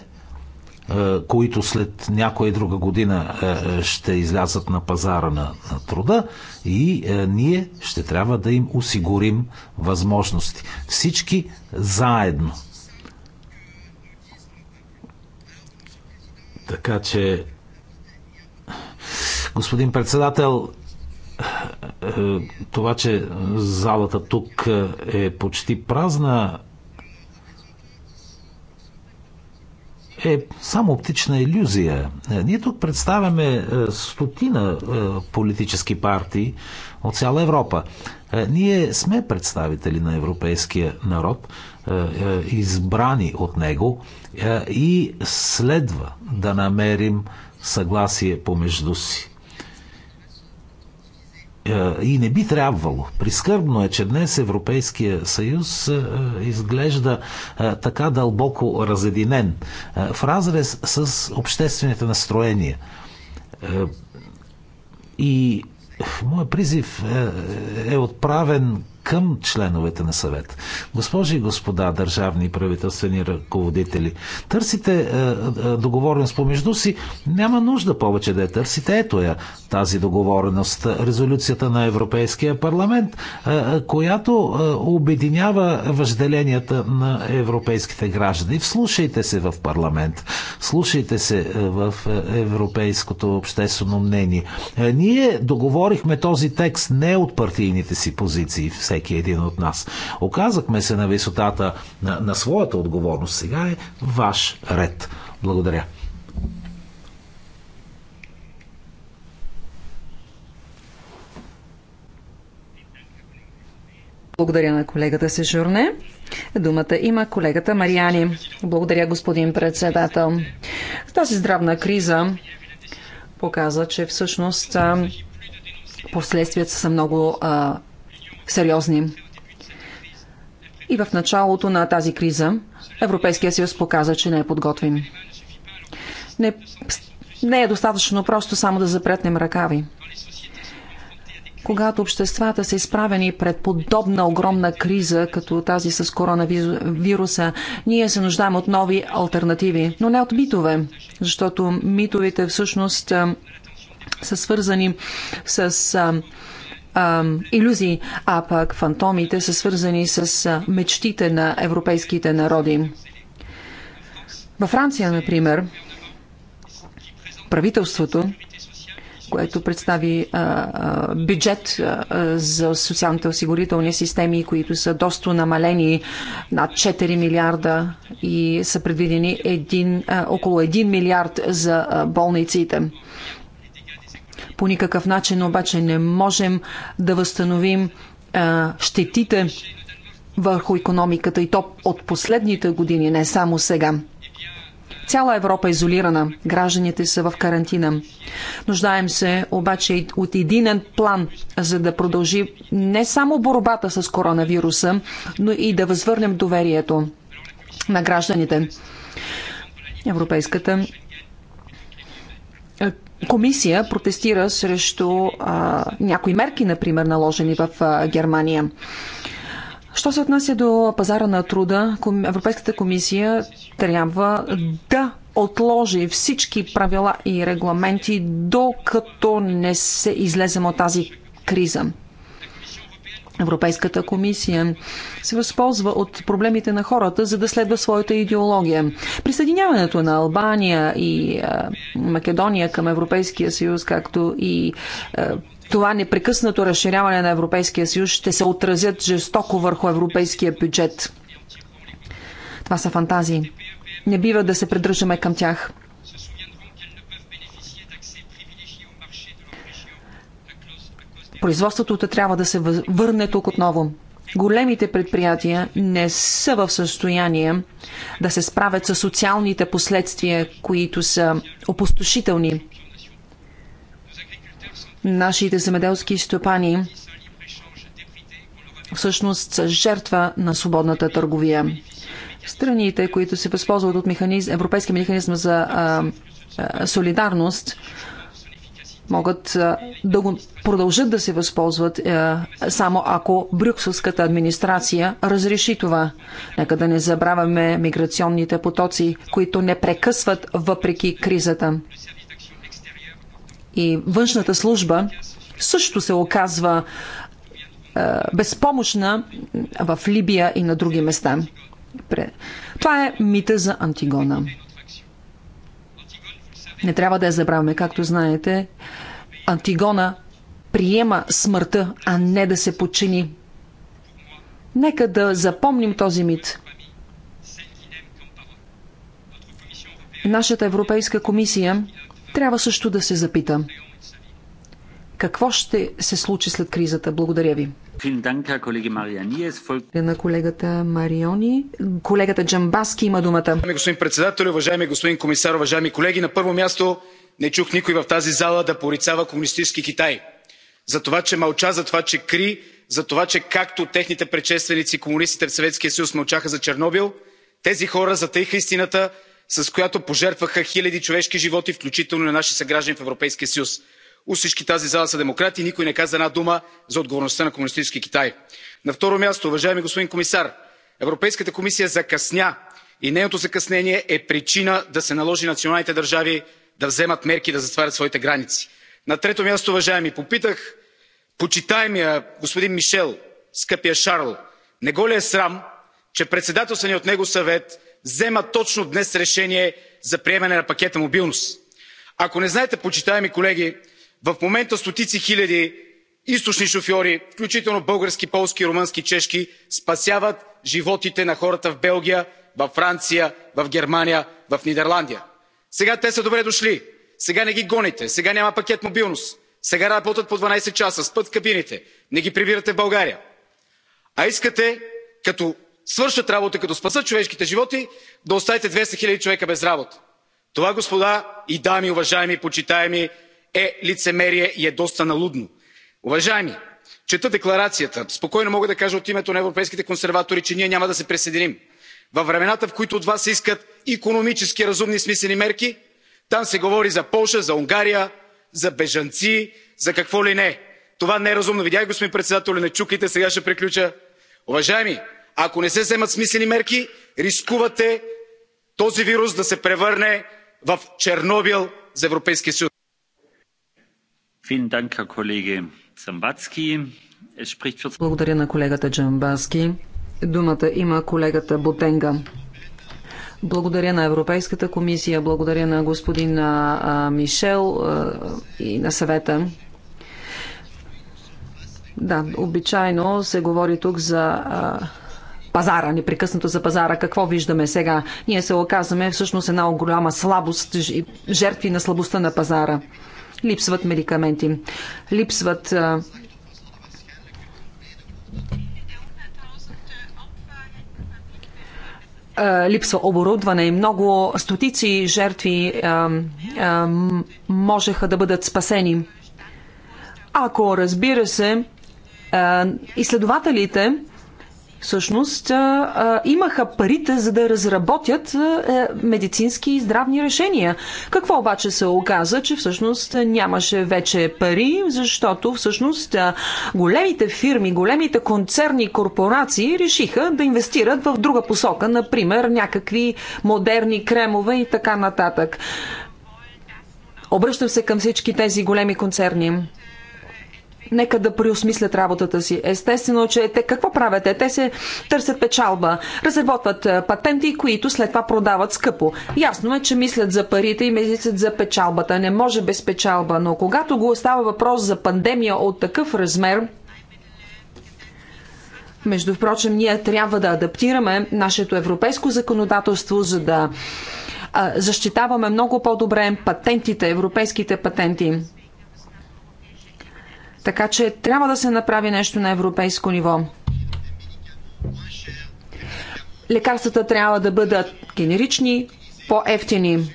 е, които след някоя друга година е, ще излязат на пазара на, на труда и е, ние ще трябва да им осигурим възможности. Всички заедно. Така че, господин председател, това, че залата тук е почти празна, е само оптична иллюзия. Е, ние тук представяме е, стотина е, политически партии от цяла Европа. Ние сме представители на европейския народ, избрани от него и следва да намерим съгласие помежду си. Е, и не би трябвало. Прискърбно е, че днес Европейския съюз е, изглежда е, така дълбоко разединен в разрез с обществените настроения. И моят призив е отправен към членовете на съвет. Госпожи и господа, държавни и правителствени ръководители, търсите е, е, договореност помежду си, няма нужда повече да я търсите. Ето я тази договореност, резолюцията на Европейския парламент, е, е която е, обединява въжделенията на европейските граждани. Вслушайте се в парламент, слушайте се е, в е, европейското обществено мнение. Е, ние договорихме този текст не от партийните си позиции, все всеки един от нас. Оказахме се на висотата на, на своята отговорност. Сега е ваш ред. Благодаря. Благодаря на колегата Сежурне. Думата има колегата Мариани. Благодаря, господин председател. Тази здравна криза показа, че всъщност последствията са много а, сериозни. И в началото на тази криза Европейския съюз показа, че не е подготвен. Не, не е достатъчно просто само да запретнем ръкави. Когато обществата са изправени пред подобна огромна криза, като тази с коронавируса, ние се нуждаем от нови альтернативи, но не от митове, защото митовете всъщност са свързани с а, иллюзии, а пък фантомите са свързани с мечтите на европейските народи. Във Франция, например, правителството, което представи а, а, бюджет а, за социалните осигурителни системи, които са доста намалени над 4 милиарда и са предвидени един, а, около 1 милиард за а, болниците. По никакъв начин обаче не можем да възстановим а, щетите върху економиката и то от последните години, не само сега. Цяла Европа е изолирана, гражданите са в карантина. Нуждаем се обаче от единен план, за да продължи не само борбата с коронавируса, но и да възвърнем доверието на гражданите. Европейската е, комисия протестира срещу а, някои мерки, например, наложени в а, Германия. Що се отнася до пазара на труда, Европейската комисия трябва да отложи всички правила и регламенти, докато не се излезем от тази криза. Европейската комисия се възползва от проблемите на хората, за да следва своята идеология. Присъединяването на Албания и а, Македония към Европейския съюз, както и а, това непрекъснато разширяване на Европейския съюз ще се отразят жестоко върху европейския бюджет. Това са фантазии. Не бива да се придържаме към тях. производството трябва да се върне тук отново. Големите предприятия не са в състояние да се справят с социалните последствия, които са опустошителни. Нашите земеделски стопани всъщност са жертва на свободната търговия. Страните, които се възползват от механиз... Европейския механизъм за а, а, солидарност, могат да го продължат да се възползват само ако брюкселската администрация разреши това. Нека да не забравяме миграционните потоци, които не прекъсват въпреки кризата. И външната служба също се оказва безпомощна в Либия и на други места. Това е мита за Антигона. Не трябва да я забравяме. Както знаете, Антигона приема смъртта, а не да се подчини. Нека да запомним този мит. Нашата Европейска комисия трябва също да се запита. Какво ще се случи след кризата? Благодаря ви. Е, на колегата Мариони. Колегата Джамбаски има думата. Уважаеми господин председател, уважаеми господин комисар, уважаеми колеги, на първо място не чух никой в тази зала да порицава комунистически Китай. За това, че мълча, за това, че кри, за това, че както техните предшественици, комунистите в Съветския съюз мълчаха за Чернобил, тези хора затаиха истината, с която пожертваха хиляди човешки животи, включително и на наши съграждани в Европейския съюз. У всички в тази зала са демократи и никой не каза една дума за отговорността на комунистически китай. на второ място уважаеми господин комисар европейската комисия закъсня и нейното закъснение е причина да се наложи националните държави да вземат мерки да затварят своите граници. на трето място уважаеми попитах почитаемия господин мишел скъпия шарл не го ли е срам че председателстваният от него съвет взема точно днес решение за приемане на пакета мобилност? ако не знаете почитаеми колеги в момента стотици хиляди източни шофьори включително български полски румънски чешки спасяват животите на хората в белгия във франция в германия в нидерландия. сега те са добре дошли сега не ги гоните сега няма пакет мобилност сега работят по 12 часа спят в кабините не ги прибирате в българия. а искате като свършат работа като спасят човешките животи да оставите 200 хиляди човека без работа. това господа и дами уважаеми почитаеми е лицемерие и е доста налудно. уважаеми чета декларацията. спокойно мога да кажа от името на европейските консерватори че ние няма да се присъединим. във времената в които от вас се искат икономически разумни и смислени мерки там се говори за полша за унгария за бежанци за какво ли не. това не е разумно. видях господин председателю не чукайте сега ще приключа. уважаеми ако не се вземат смислени мерки рискувате този вирус да се превърне в чернобил за европейския съюз. Благодаря на колегата Джамбаски. Думата има колегата Ботенга. Благодаря на Европейската комисия, благодаря на господин Мишел и на съвета. Да, обичайно се говори тук за пазара, непрекъснато за пазара. Какво виждаме сега? Ние се оказваме всъщност една голяма слабост, жертви на слабостта на пазара. Липсват медикаменти, липсват липсва оборудване и много стотици жертви а, а, можеха да бъдат спасени. Ако, разбира се, а, изследователите всъщност имаха парите за да разработят е, медицински и здравни решения. Какво обаче се оказа, че всъщност нямаше вече пари, защото всъщност големите фирми, големите концерни корпорации решиха да инвестират в друга посока, например някакви модерни кремове и така нататък. Обръщам се към всички тези големи концерни нека да преосмислят работата си. Естествено, че те какво правят? Те се търсят печалба, разработват е, патенти, които след това продават скъпо. Ясно е, че мислят за парите и мислят за печалбата. Не може без печалба, но когато го става въпрос за пандемия от такъв размер, между впрочем, ние трябва да адаптираме нашето европейско законодателство, за да защитаваме много по-добре патентите, европейските патенти. Така че трябва да се направи нещо на европейско ниво. Лекарствата трябва да бъдат генерични, по-ефтини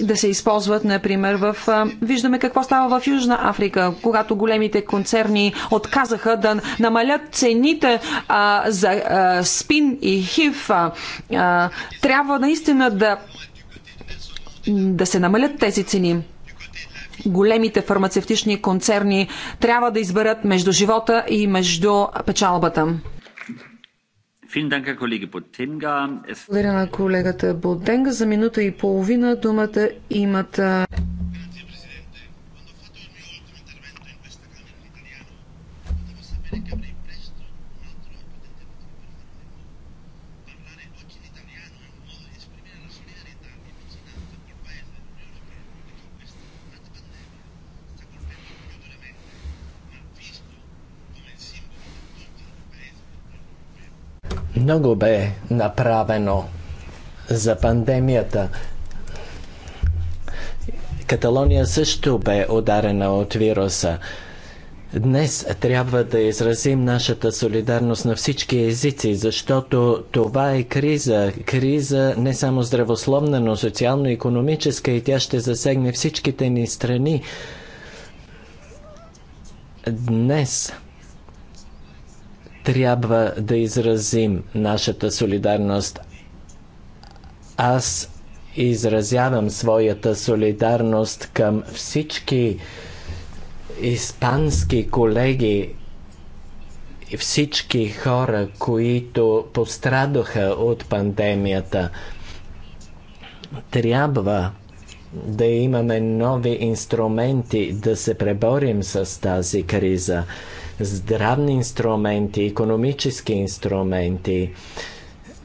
да се използват, например, в... Виждаме какво става в Южна Африка, когато големите концерни отказаха да намалят цените а, за а, спин и хив. А, трябва наистина да, да се намалят тези цени големите фармацевтични концерни трябва да изберат между живота и между печалбата. Благодаря на колегата Боденга. За минута и половина думата имат Много бе направено за пандемията. Каталония също бе ударена от вируса. Днес трябва да изразим нашата солидарност на всички езици, защото това е криза. Криза не само здравословна, но социално-економическа и тя ще засегне всичките ни страни. Днес трябва да изразим нашата солидарност. Аз изразявам своята солидарност към всички испански колеги, всички хора, които пострадоха от пандемията. Трябва да имаме нови инструменти да се преборим с тази криза. Здравни инструменти, економически инструменти.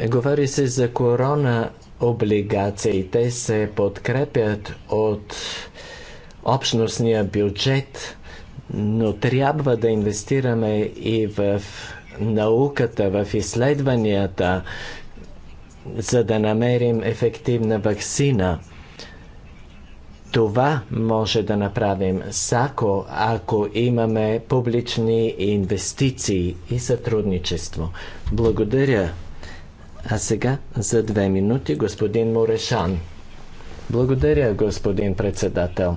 Говори се за корона облигации. Те се подкрепят от общностния бюджет, но трябва да инвестираме и в науката, в изследванията, за да намерим ефективна вакцина. Това може да направим само ако имаме публични инвестиции и сътрудничество. Благодаря. А сега за две минути господин Морешан. Благодаря, господин председател.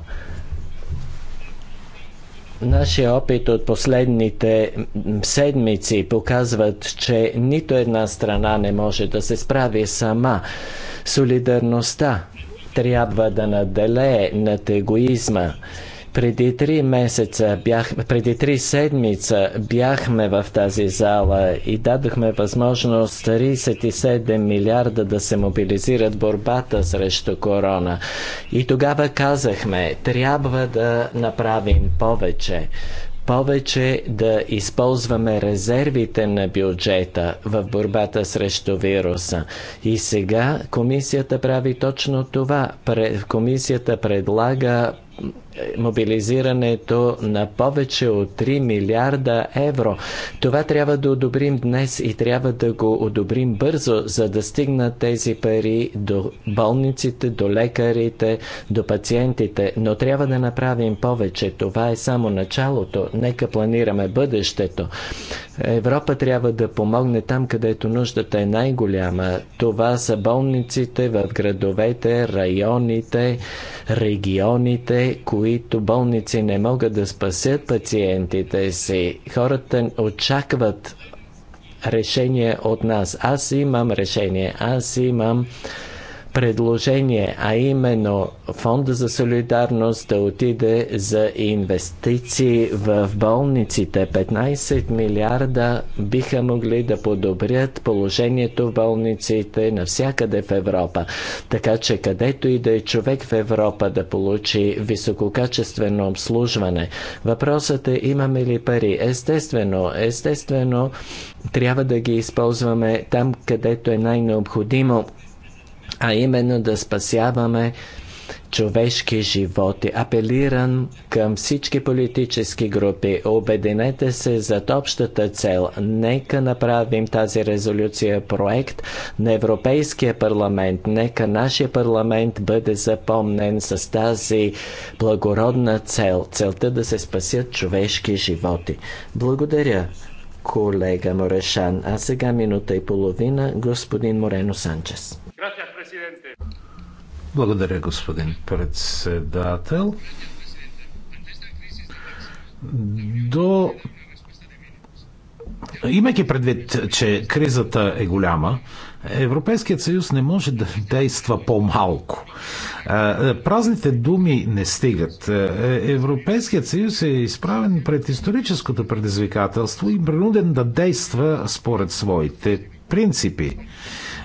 Нашия опит от последните седмици показват, че нито една страна не може да се справи сама. Солидарността трябва да наделее над егоизма. Преди три месеца, бях, преди три седмица бяхме в тази зала и дадохме възможност 37 милиарда да се мобилизират борбата срещу корона. И тогава казахме, трябва да направим повече повече да използваме резервите на бюджета в борбата срещу вируса. И сега комисията прави точно това. Комисията предлага мобилизирането на повече от 3 милиарда евро. Това трябва да одобрим днес и трябва да го одобрим бързо, за да стигнат тези пари до болниците, до лекарите, до пациентите. Но трябва да направим повече. Това е само началото. Нека планираме бъдещето. Европа трябва да помогне там, където нуждата е най-голяма. Това са болниците в градовете, районите, регионите, които които болници не могат да спасят пациентите си. Хората очакват решение от нас. Аз имам решение. Аз имам предложение, а именно Фонда за солидарност да отиде за инвестиции в болниците. 15 милиарда биха могли да подобрят положението в болниците навсякъде в Европа. Така че където и да е човек в Европа да получи висококачествено обслужване. Въпросът е имаме ли пари? Естествено, естествено трябва да ги използваме там, където е най-необходимо а именно да спасяваме човешки животи. Апелирам към всички политически групи. Обединете се за общата цел. Нека направим тази резолюция проект на Европейския парламент. Нека нашия парламент бъде запомнен с тази благородна цел. Целта да се спасят човешки животи. Благодаря, колега Морешан. А сега минута и половина господин Морено Санчес. Благодаря, господин председател. До... Имайки предвид, че кризата е голяма, Европейският съюз не може да действа по-малко. Празните думи не стигат. Европейският съюз е изправен пред историческото предизвикателство и принуден да действа според своите принципи.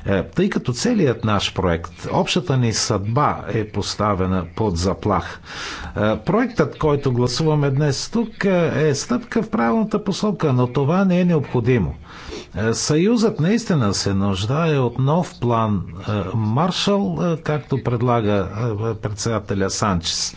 Е, тъй като целият наш проект, общата ни съдба е поставена под заплах. Е, проектът, който гласуваме днес тук, е, е стъпка в правилната посока, но това не е необходимо. Съюзът наистина се нуждае от нов план Маршал, както предлага председателя Санчес.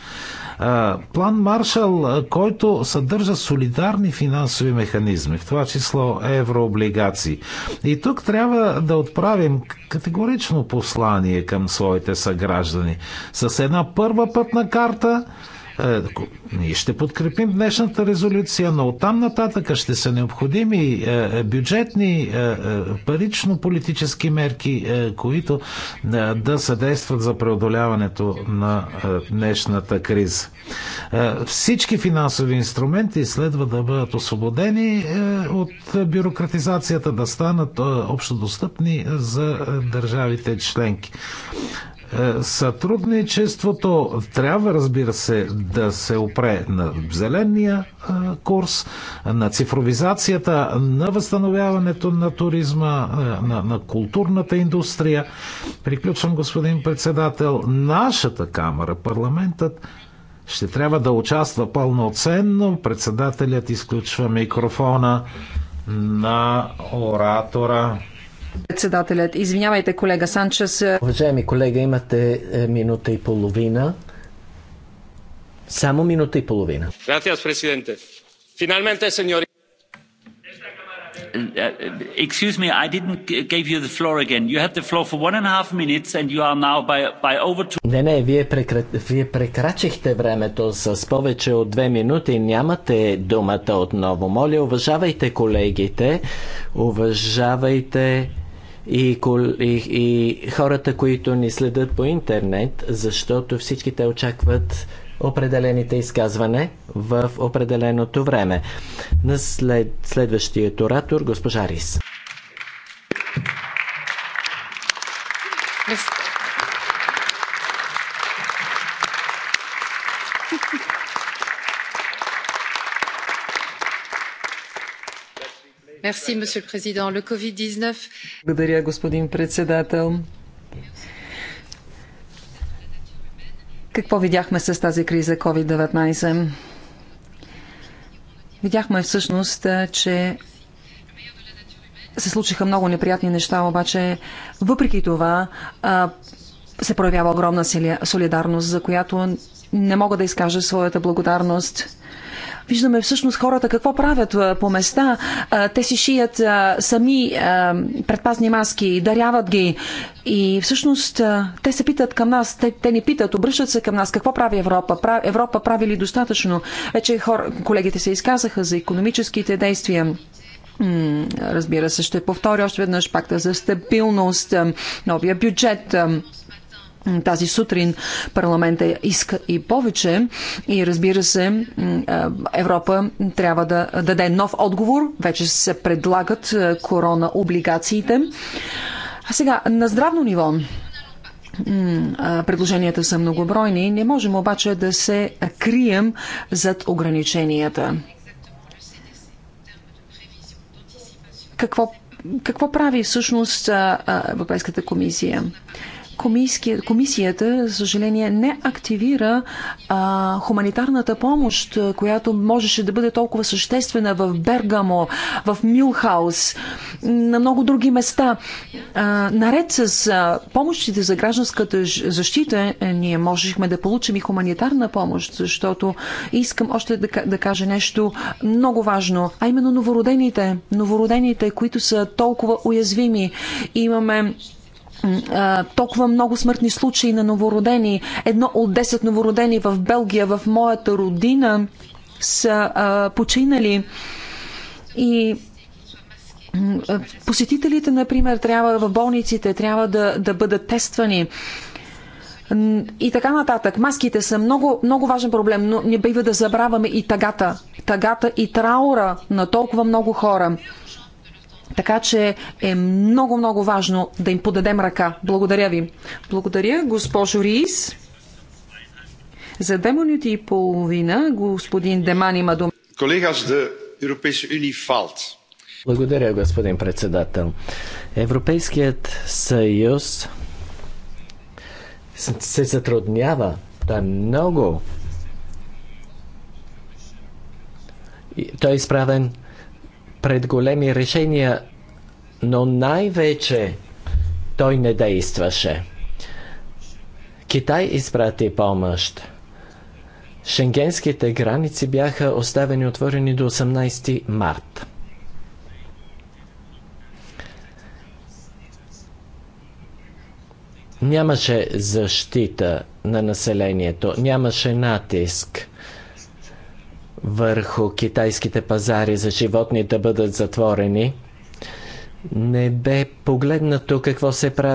План Маршал, който съдържа солидарни финансови механизми, в това число еврооблигации. И тук трябва да отправим категорично послание към своите съграждани. С една първа пътна карта, е, ние ще подкрепим днешната резолюция, но оттам нататъка ще са необходими е, е, бюджетни, парично-политически мерки, които да съдействат за преодоляването на днешната криза. Всички финансови инструменти следва да бъдат освободени от бюрократизацията, да станат общодостъпни за държавите членки. Е, сътрудничеството трябва, разбира се, да се опре на зеления е, курс, на цифровизацията, на възстановяването на туризма, е, на, на културната индустрия. Приключвам, господин председател. Нашата камера, парламентът, ще трябва да участва пълноценно. Председателят изключва микрофона на оратора. Председателят, извинявайте колега Санчес. Уважаеми колега, имате е, минута и половина. Само минута и половина. Gracias, presidente. Finalmente, señor... Uh, uh, excuse me, I didn't give you the floor again. You had the floor for one and a half minutes and you are now by, by over two... Не, не, вие, прекра... вие прекрачихте времето с повече от две минути. Нямате думата отново. Моля, уважавайте колегите, уважавайте и, и, и хората, които ни следят по интернет, защото всички те очакват определените изказване в определеното време. На след, следващият оратор, госпожа Рис. Благодаря, господин председател. Какво видяхме с тази криза COVID-19? Видяхме всъщност, че се случиха много неприятни неща, обаче въпреки това се проявява огромна солидарност, за която не мога да изкажа своята благодарност виждаме всъщност хората какво правят по места. Те си шият сами предпазни маски, даряват ги. И всъщност те се питат към нас, те, те ни питат, обръщат се към нас какво прави Европа. Европа прави ли достатъчно? Вече хор, колегите се изказаха за економическите действия. Разбира се, ще повторя още веднъж пакта за стабилност, новия бюджет, тази сутрин парламента иска и повече и разбира се Европа трябва да даде нов отговор. Вече се предлагат корона облигациите. А сега на здравно ниво предложенията са многобройни. Не можем обаче да се крием зад ограниченията. Какво, какво прави всъщност Европейската комисия? комисията, за съжаление, не активира а, хуманитарната помощ, която можеше да бъде толкова съществена в Бергамо, в Мюлхаус, на много други места. А, наред с а, помощите за гражданската защита, е, ние можехме да получим и хуманитарна помощ, защото искам още да, да кажа нещо много важно, а именно новородените. Новородените, които са толкова уязвими. Имаме толкова много смъртни случаи на новородени. Едно от 10 новородени в Белгия, в моята родина, са а, починали. И посетителите, например, трябва в болниците, трябва да, да бъдат тествани. И така нататък. Маските са много, много важен проблем, но не бива да забравяме и тагата. Тагата и траура на толкова много хора. Така че е много, много важно да им подадем ръка. Благодаря ви. Благодаря, госпожо Рис. За две минути и половина господин Деман има дума. Колегаш, да Европейска уния фалт. Благодаря, господин председател. Европейският съюз се затруднява. да е много. Той е изправен пред големи решения, но най-вече той не действаше. Китай изпрати помощ. Шенгенските граници бяха оставени отворени до 18 март. Нямаше защита на населението, нямаше натиск върху китайските пазари за животни да бъдат затворени, не бе погледнато какво се прави